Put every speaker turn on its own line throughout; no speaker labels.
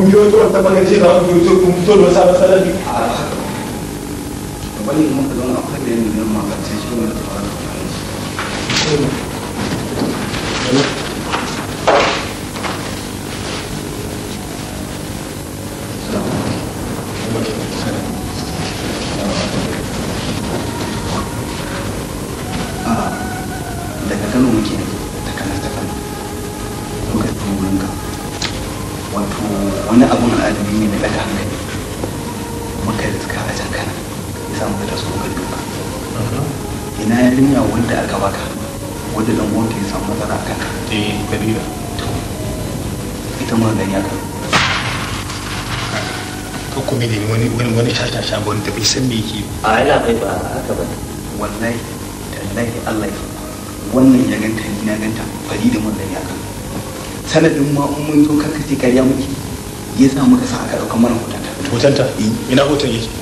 كمبيوتر انت ما كتجي غير كمبيوتر كمبيوتر وسام سلامي
wato wani abun adabi ne na ɗaga hankali da suka a can kana ya samu ka taso kan duka mhm. ina yarinya wanda aka baka wanda dan uwanka ya samu matsala a kanka eh kabila to ita ma gani aka ka kuma ne wani wani wani shasha shago wanda bai san me yake
a ina kai ba haka ba wallahi tallahi Allah ya wannan ya ganta
ni na ganta fari da mun gani kan. sanadin ma in mun zo karkace kariya muke yasa sa muka sa aka ɗaukar mana hotonta hotonta eh. ina hoton yake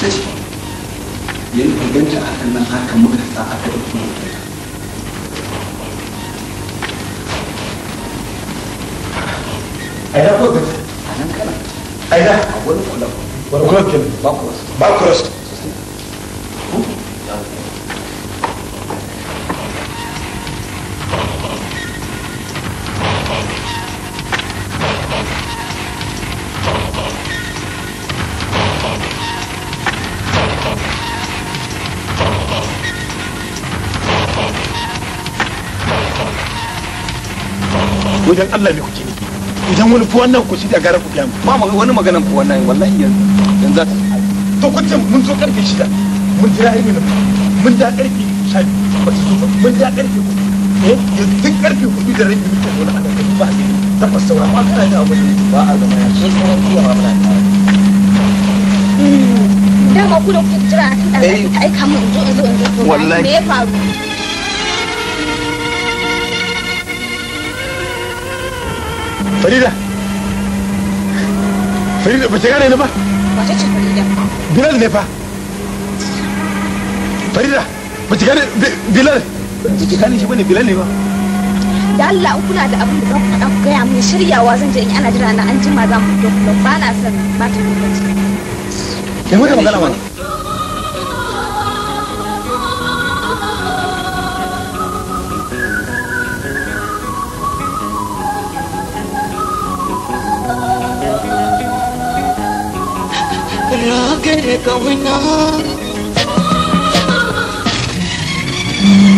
ta ce ya yi inganta a kan nan haka muka sa aka ɗauki mutum ko
a nan kana ko a wani kula ba ba ba wajen Allah ne kuke nufi idan wani fuwan nan ku shi da gara ku biya mu ba wani maganan fuwan nan wallahi yanzu yanzu za ta to kun ce mun zo karfe shida mun jira irin nan mun da karfe sha ba su zo mun da karfe ku eh
yanzu duk karfe hudu da rai muke zo na ana kai ba ne tabbas saura ba kana da abu ba a zama ya shi sauran kuwa ba muna
hmm. dama ku da kuke jira a kan ɗan eh. aika mun zo in zo in me ya faru Farida. Farida ba ta gane ni ba? Wace ce Farida? Bilal ne fa. Farida ba ta gane Bilal. Ba ki gane shi ba ne Bilal ne ba. Da Allah kuna da abin da za ku faɗa ku gaya min shiryawa zan je in ana jira na an jima za mu fito kuma ba na son ba ta lokaci.
Ya mutu magana mana.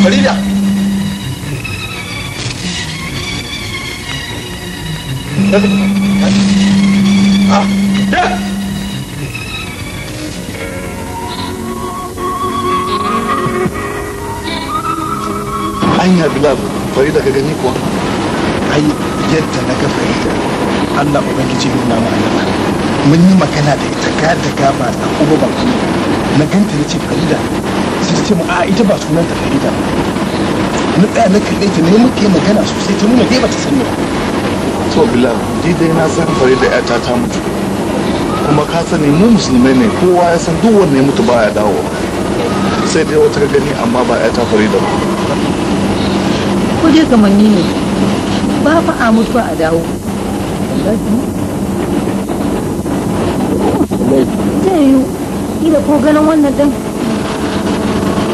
Olivia. An yi abu
kwari daga gani kuwa, ai yadda na kafa ita, Allah Ubangiji nuna ma'ana. mun yi magana da ita ga da gaba da uba ba na ganta na ce farida sai ta ce mu a ita ba sunan ta farida na tsaya na kalle ta ne muke magana sosai ta nuna dai ta sani ba
to bilal ni dai na san farida ya
ta ta mutu kuma ka sani mu musulmai ne kowa ya san duk wanda ya mutu baya dawo
sai dai wata gani amma ba ta farida ba
ko dai ni ne ba fa a mutuwa a dawo ta yiwu ila ko ganin wannan ɗin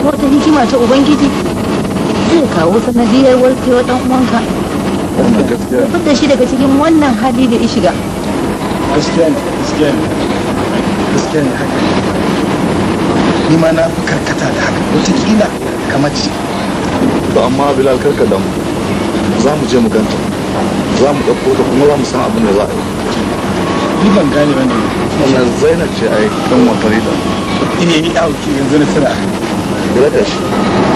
wata hikima ta ubangiji zai kawo sanadiyar warkewa ɗan uwanka
wannan
da shi daga cikin wannan hali da ya shiga
gaskiya ne gaskiya ne gaskiya ne haka
ni ma na karkata da haka kila kamar mace. to amma bilal karka damu za mu je mu ganta za mu ɗauko ta kuma za mu san abin da za a yi ni ban gane wannan wannan zainab ce ai kan wa farida eh ya wuce
yanzu na tana da shi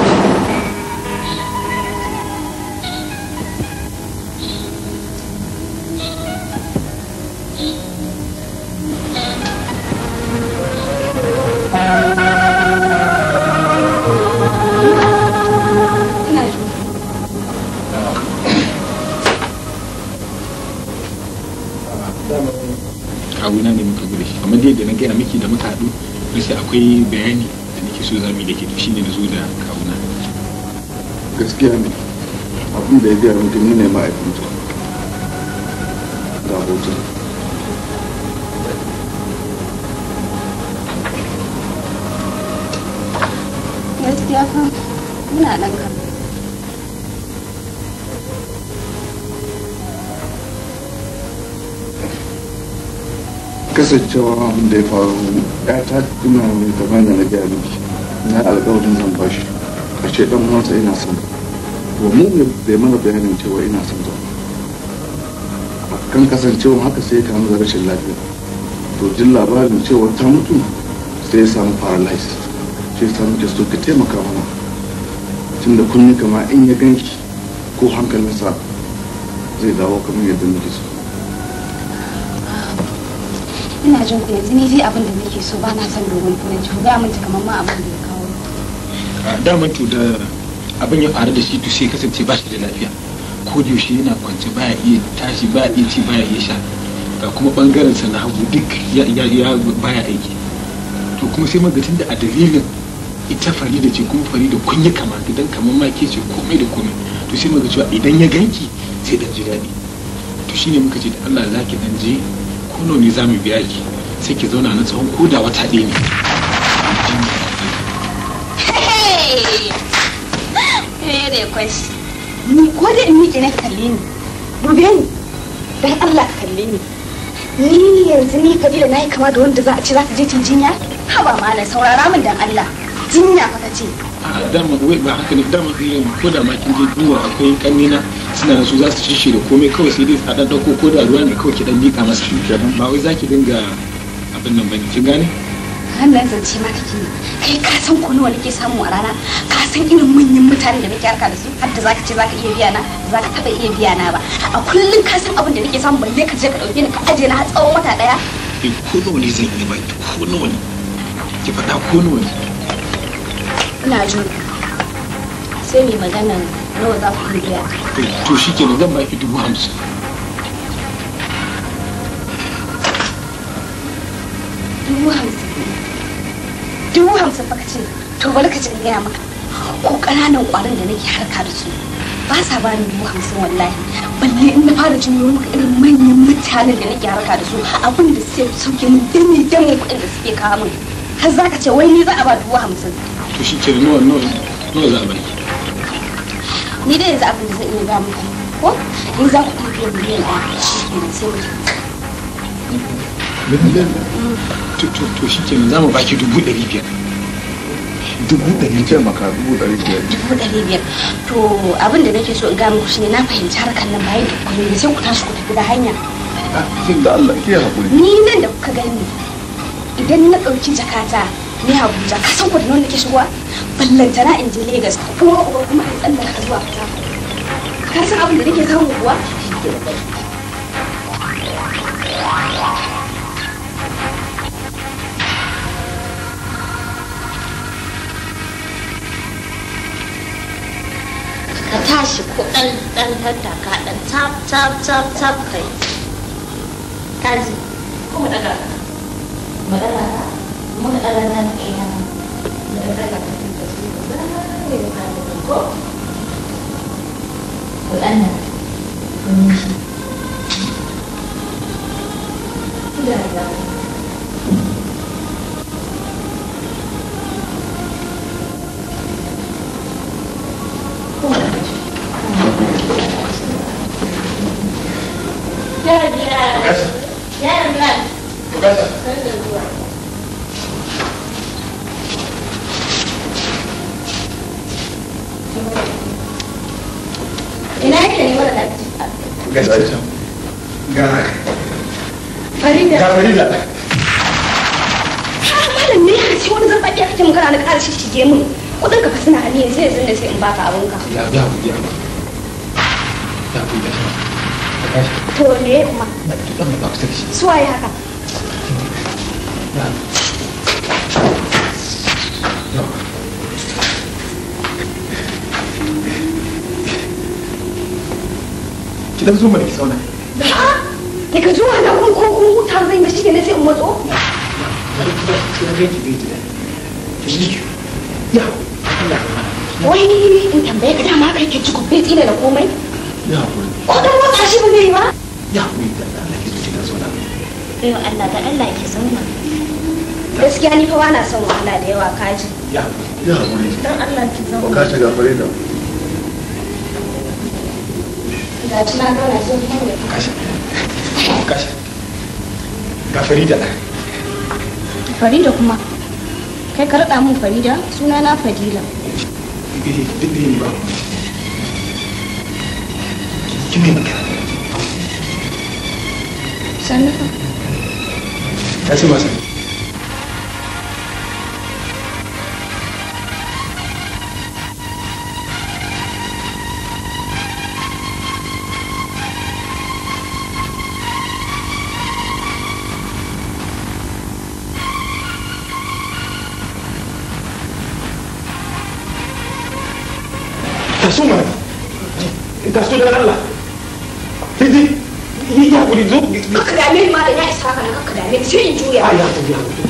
akwai bayani da nake so zamu da ke to shine na zo da kawuna gaskiya ne
abin da ya biya mutum ne ma'aikinta ga hoton
gaskiya kan muna ɗan kan
kasancewa da ya faru ya ta tuna mai kama da na gyara miki na alkawarin zan bashi ce ɗan uwansa ina son to mu bai mana bayanin cewa ina son ta kan kasancewa haka sai ka da rashin lafiya to jin labarin cewa ta mutu sai ya samu paralysis sai ya samu kisto ka taimaka mana tun da kunni kama in ya ganki
ko hankalinsa zai dawo kamar yadda muke so ina jin ku yanzu ni zai abin da nake so ba na san dogon turanci ji ga mun kamar ma abin da ya kawo mun to da abin ya faru da shi to sai kasance ba shi da lafiya ko da yaushe yana kwance ya iya tashi ba ya ci ya iya sha ga kuma bangaren sa na hagu duk ya ya baya aiki to kuma sai magatin da a dalilin ita farida ce kuma farida kun yi kama dan kamar ma ke ce komai da komai to sai muka cewa idan ya ganki sai dan ji daɗi to shine muka ce da Allah zaki dan je kuno ne za mu biya ki sai ki zauna na tsawon koda wata ɗaya ne ni ko da in miƙe na kalle ni dube ni dan Allah ka kalle ni ni yanzu ni kabila na yi kama da wanda za a ce za ka je cin jinya haba na saurara min dan Allah
jinya fa ka ce
a dama wai ba haka ne dama ko da ma kin je duwa akwai na. suna da su za su shishi da komai kawai sai dai a ɗan ɗauko ko da ruwa ne kawai ki ɗan miƙa masa ba wai za ki dinga abin nan bane kin gane wannan zance ma kake ne kai ka san ko nawa nake samu a rana ka san irin manyan mutane da nake harka da su har da zaka ce zaka iya biya na zaka taba iya biya na ba a kullun ka san abin da nake samu balle ka je ka dauke ni ka aje na har tsawon wata daya ko nawa ne zan yi ba ko nawa ne ki faɗa ko nawa ne ina jin sai mai maganan nawa za ku biya to shi ke zan baki dubu hamsin dubu hamsin dubu hamsin baka ce to bari ka ce gaya maka ko ƙananan ƙwarin da nake harka da su ba sa ba ni dubu hamsin wallahi balle in na fara jin yau irin manyan mutanen da nake harka da su abin da suke sauke ni dame dame kuɗin da suke kawo min za ka ce za a ba dubu hamsin nawa za a ni dai yanzu abin da zan iya ba muku ko in za ku iya biyan miliyan ɗaya shi kenan sai mutum miliyan
ɗaya
to shi kenan za mu baki dubu ɗari biyar
dubu ɗari biyar maka dubu ɗari biyar dubu
ɗari biyar to abin da nake so in
gaya muku shine na fahimci harkar nan bayan da kuma da sai ku tashi ku tafi da hanya
ah, kin da Allah ke hakuri
ni nan da kuka gani idan na ɗauki jakata ni hakuri jaka san ku da nan nake shigowa ballantana in je Legas kuma uba kuma an in tsallaka zuwa fata ka san abin da nake samu kuwa
ka tashi ko ɗan ɗan hanta ka ɗan tap tap tap tap kai kaji ko mu daga mu daga nan kenan eh, فوق
والأنف والنشا كلها علاقة Yeah, yeah. Yes. Yeah, man. Professor.
ina yake da neman
da ga ga
farida ga farida malam ne y'a ce wani zan faɗi kake magana na ƙara shi shige mun kuɗin ka fa suna hannu yanzu yanzu ne sai in baka abun ka ya ya
ya ya ya
to ne ma suwaye
haka ki dan zo mana ki zauna daga zuwa na kun ko kun
huta zai ba shi ne sai in matso wai in tambaye ka dama kai ke ci kubbe tsina da komai ko dan wata shi ba zai yi ba ya hakuri Ya Allah ke zuci da y'a ayo Allah da Allah ke zauna gaskiya ni fa ba na son wahala da yawa kaji
ya hakuri ya
dan Allah ki zauna ka
shiga fare da mu
ga farida farida kuma kai ka raɗa mun farida suna na fadila eh,
sannu ta ce masu
ga da don Allah kiji yi ya kuri zo ka dame ni ma da ya isa na ka dame ni sai in juya
ya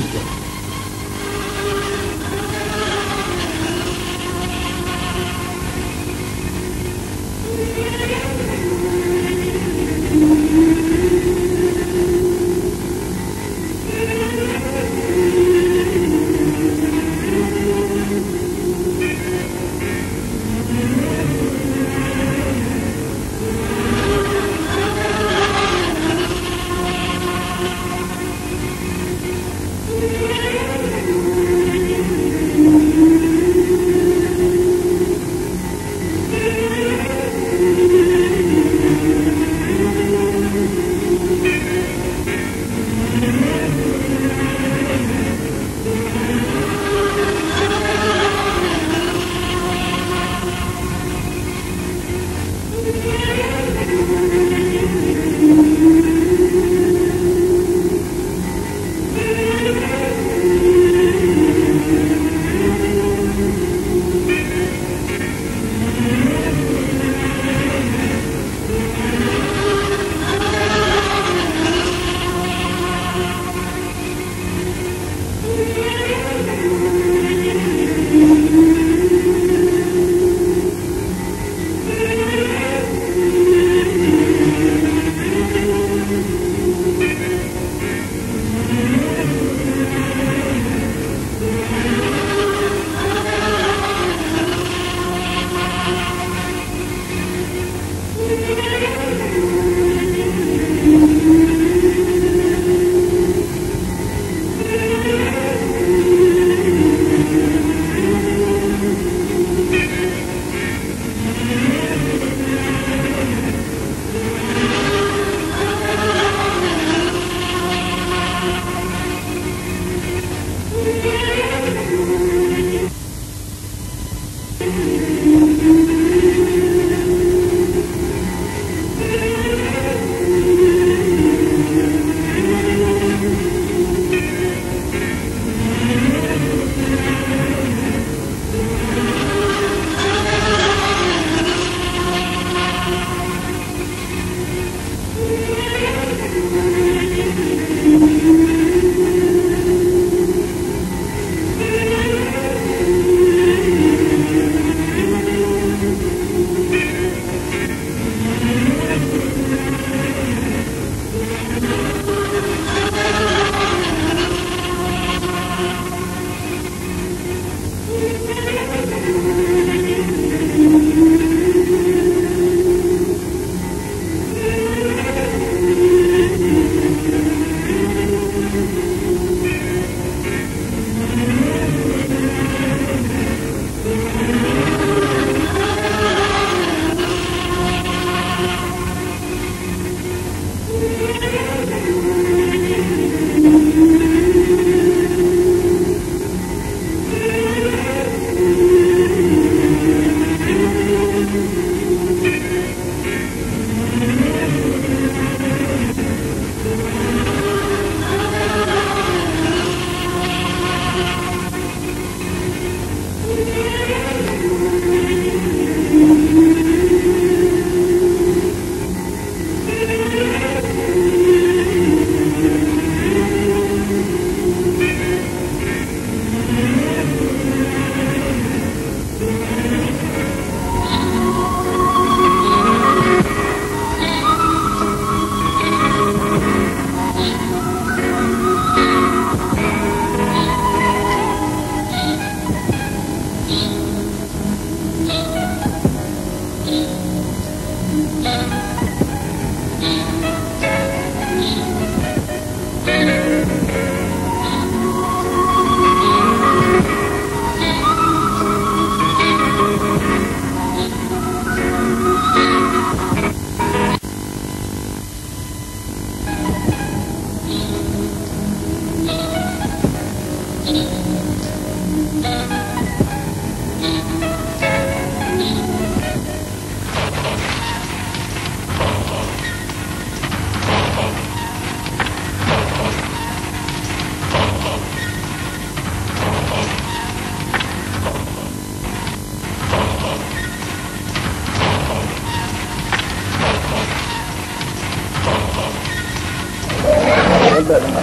daɗin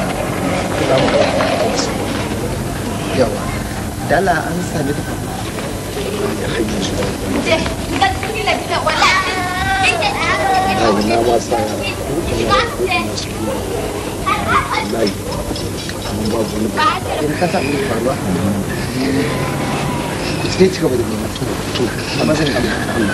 yawa dala an sami da
Zai ci gaba da nema. Amma zai kama.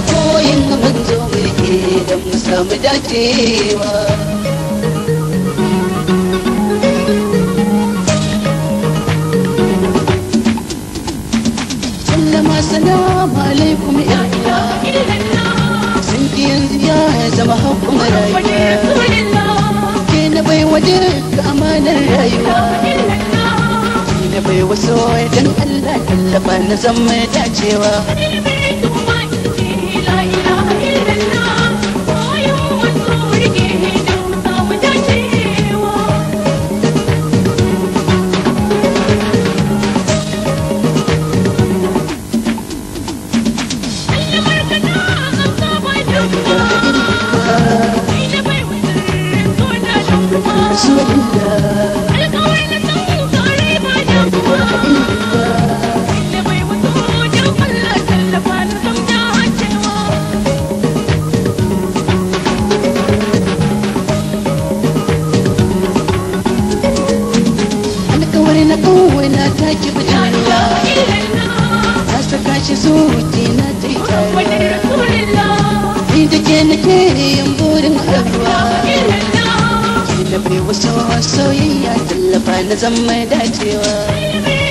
مدتي كلما السلام عليكم يا إلهنا سنتي يا زمهكم رايا كنا بيودك أمان الرايا bai waso idan Allah tallafa na zama dacewa. mu sauya ya tallafa na mai dacewa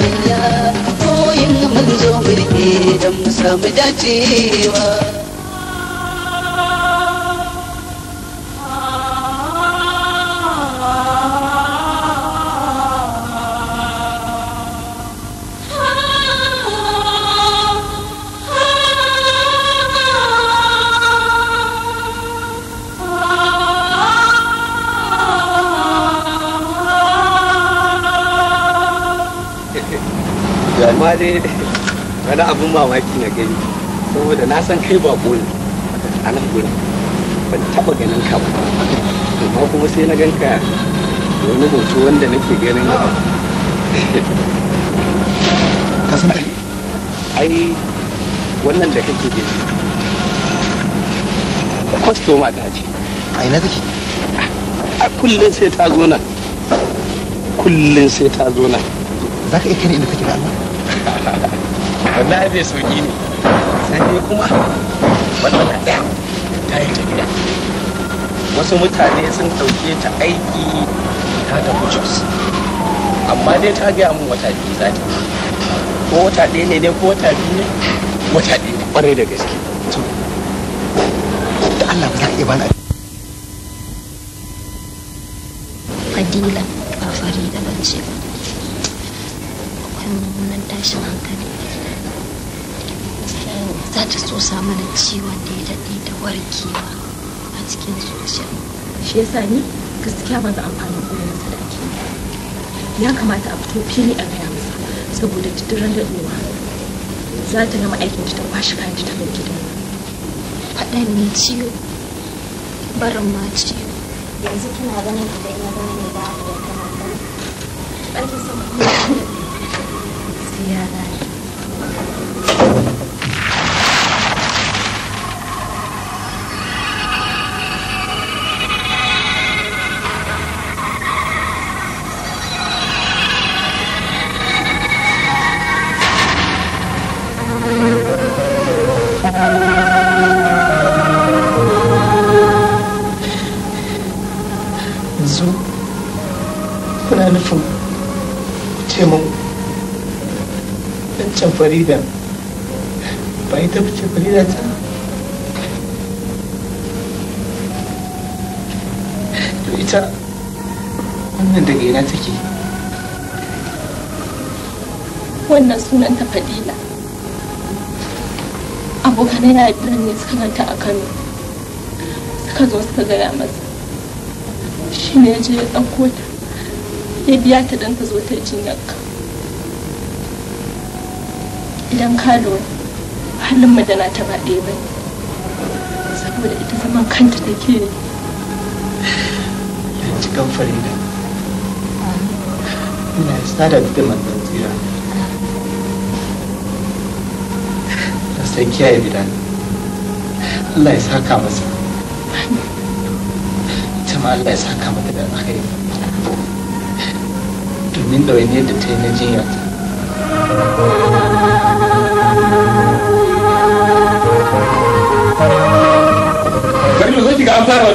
ಸಮುದ ಜೀವ
wani abin mamaki na gani
saboda na san kai ba ne a nan gudu ban taba ganin ka ba amma kuma sai na ganka wani hoto wanda nake ganin ka san ai wannan da kake gani kwastoma ta ce ai na take a kullum sai ta zo nan kullum sai ta zo nan za ka iya kare inda kake da Allah wallahi zai sauki ne sai dai kuma wannan na ɗaya ta yi ta gida wasu mutane sun ɗauke ta aiki ta tafi jos amma dai ta gaya mun wata biyu za ta ko wata ɗaya ne dai ko wata biyu ne wata ɗaya ne
ƙwarai da gaske to da Allah ba za a iya bani fadila ba farida ba ce ba akwai mummunan tashin hankali za ta so sa mana ciwon da ya daɗe da warkewa a cikin zuciya
shi sa ni gaskiya ba za amfani da yanzu da ake ya kamata a fito fili a gaya masa saboda da ɗuwa za ta gama aikin ta kwashe
kayan ta mai gida Faɗa ne ciwo barin ma ciwo yanzu kina ganin idan ya zama ne da a da kamar ba ɓarkin sama kuma ya
wancan farida ba ita ce farida ta to ita wannan daga ina take
wannan sunan ta fadila abokanai na nan ne suka ganta a kano suka zo suka gaya masa shi ne ya je ya ɗauko ta ya biya ta don ta zo ta jinyarka idan ka lura halin madana ta ba ɗaya ba saboda ita zaman kanta take ne
yanci kan da ina sada da manzan tsira da sai kiyaye bidan Allah ya saka masa
ita ma Allah ya saka mata da alkhairi domin da wani yadda ta
yi na jinya ta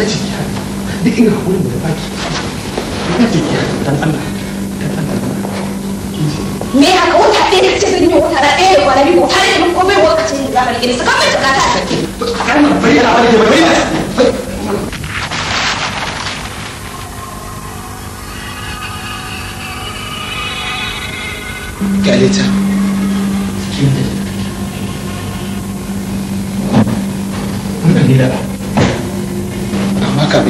ta ce ki hannu duk irin haƙurin da baki ta ce ki dan Allah
me haka wata ɗaya da kake yi wata ɗaya da kwana biyu wata da komai wata
ce da zaka gani saka mai tsaka ta take kana bayyana ba da bayyana
galeta wannan ne ba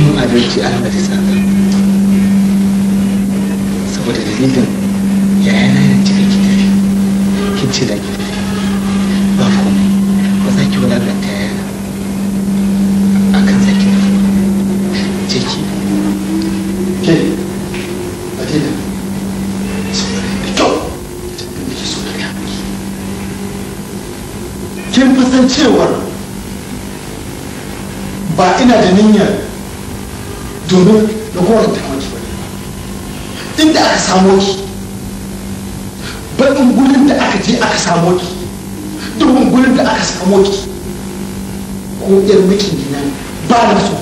cin abinci a hannun sata saboda dalilin yaya na yana cikin gida kin ce da ki ba komai ba za ki wulakanta yana a kan za ki tafi je ke a dina so kin fasan
cewar ba ina da niyyar domin na kowane ta mace bane inda aka samo ki bakin gurin da aka je aka samo ki domin gudun da aka samo ki
ko yan mikin gina ba na so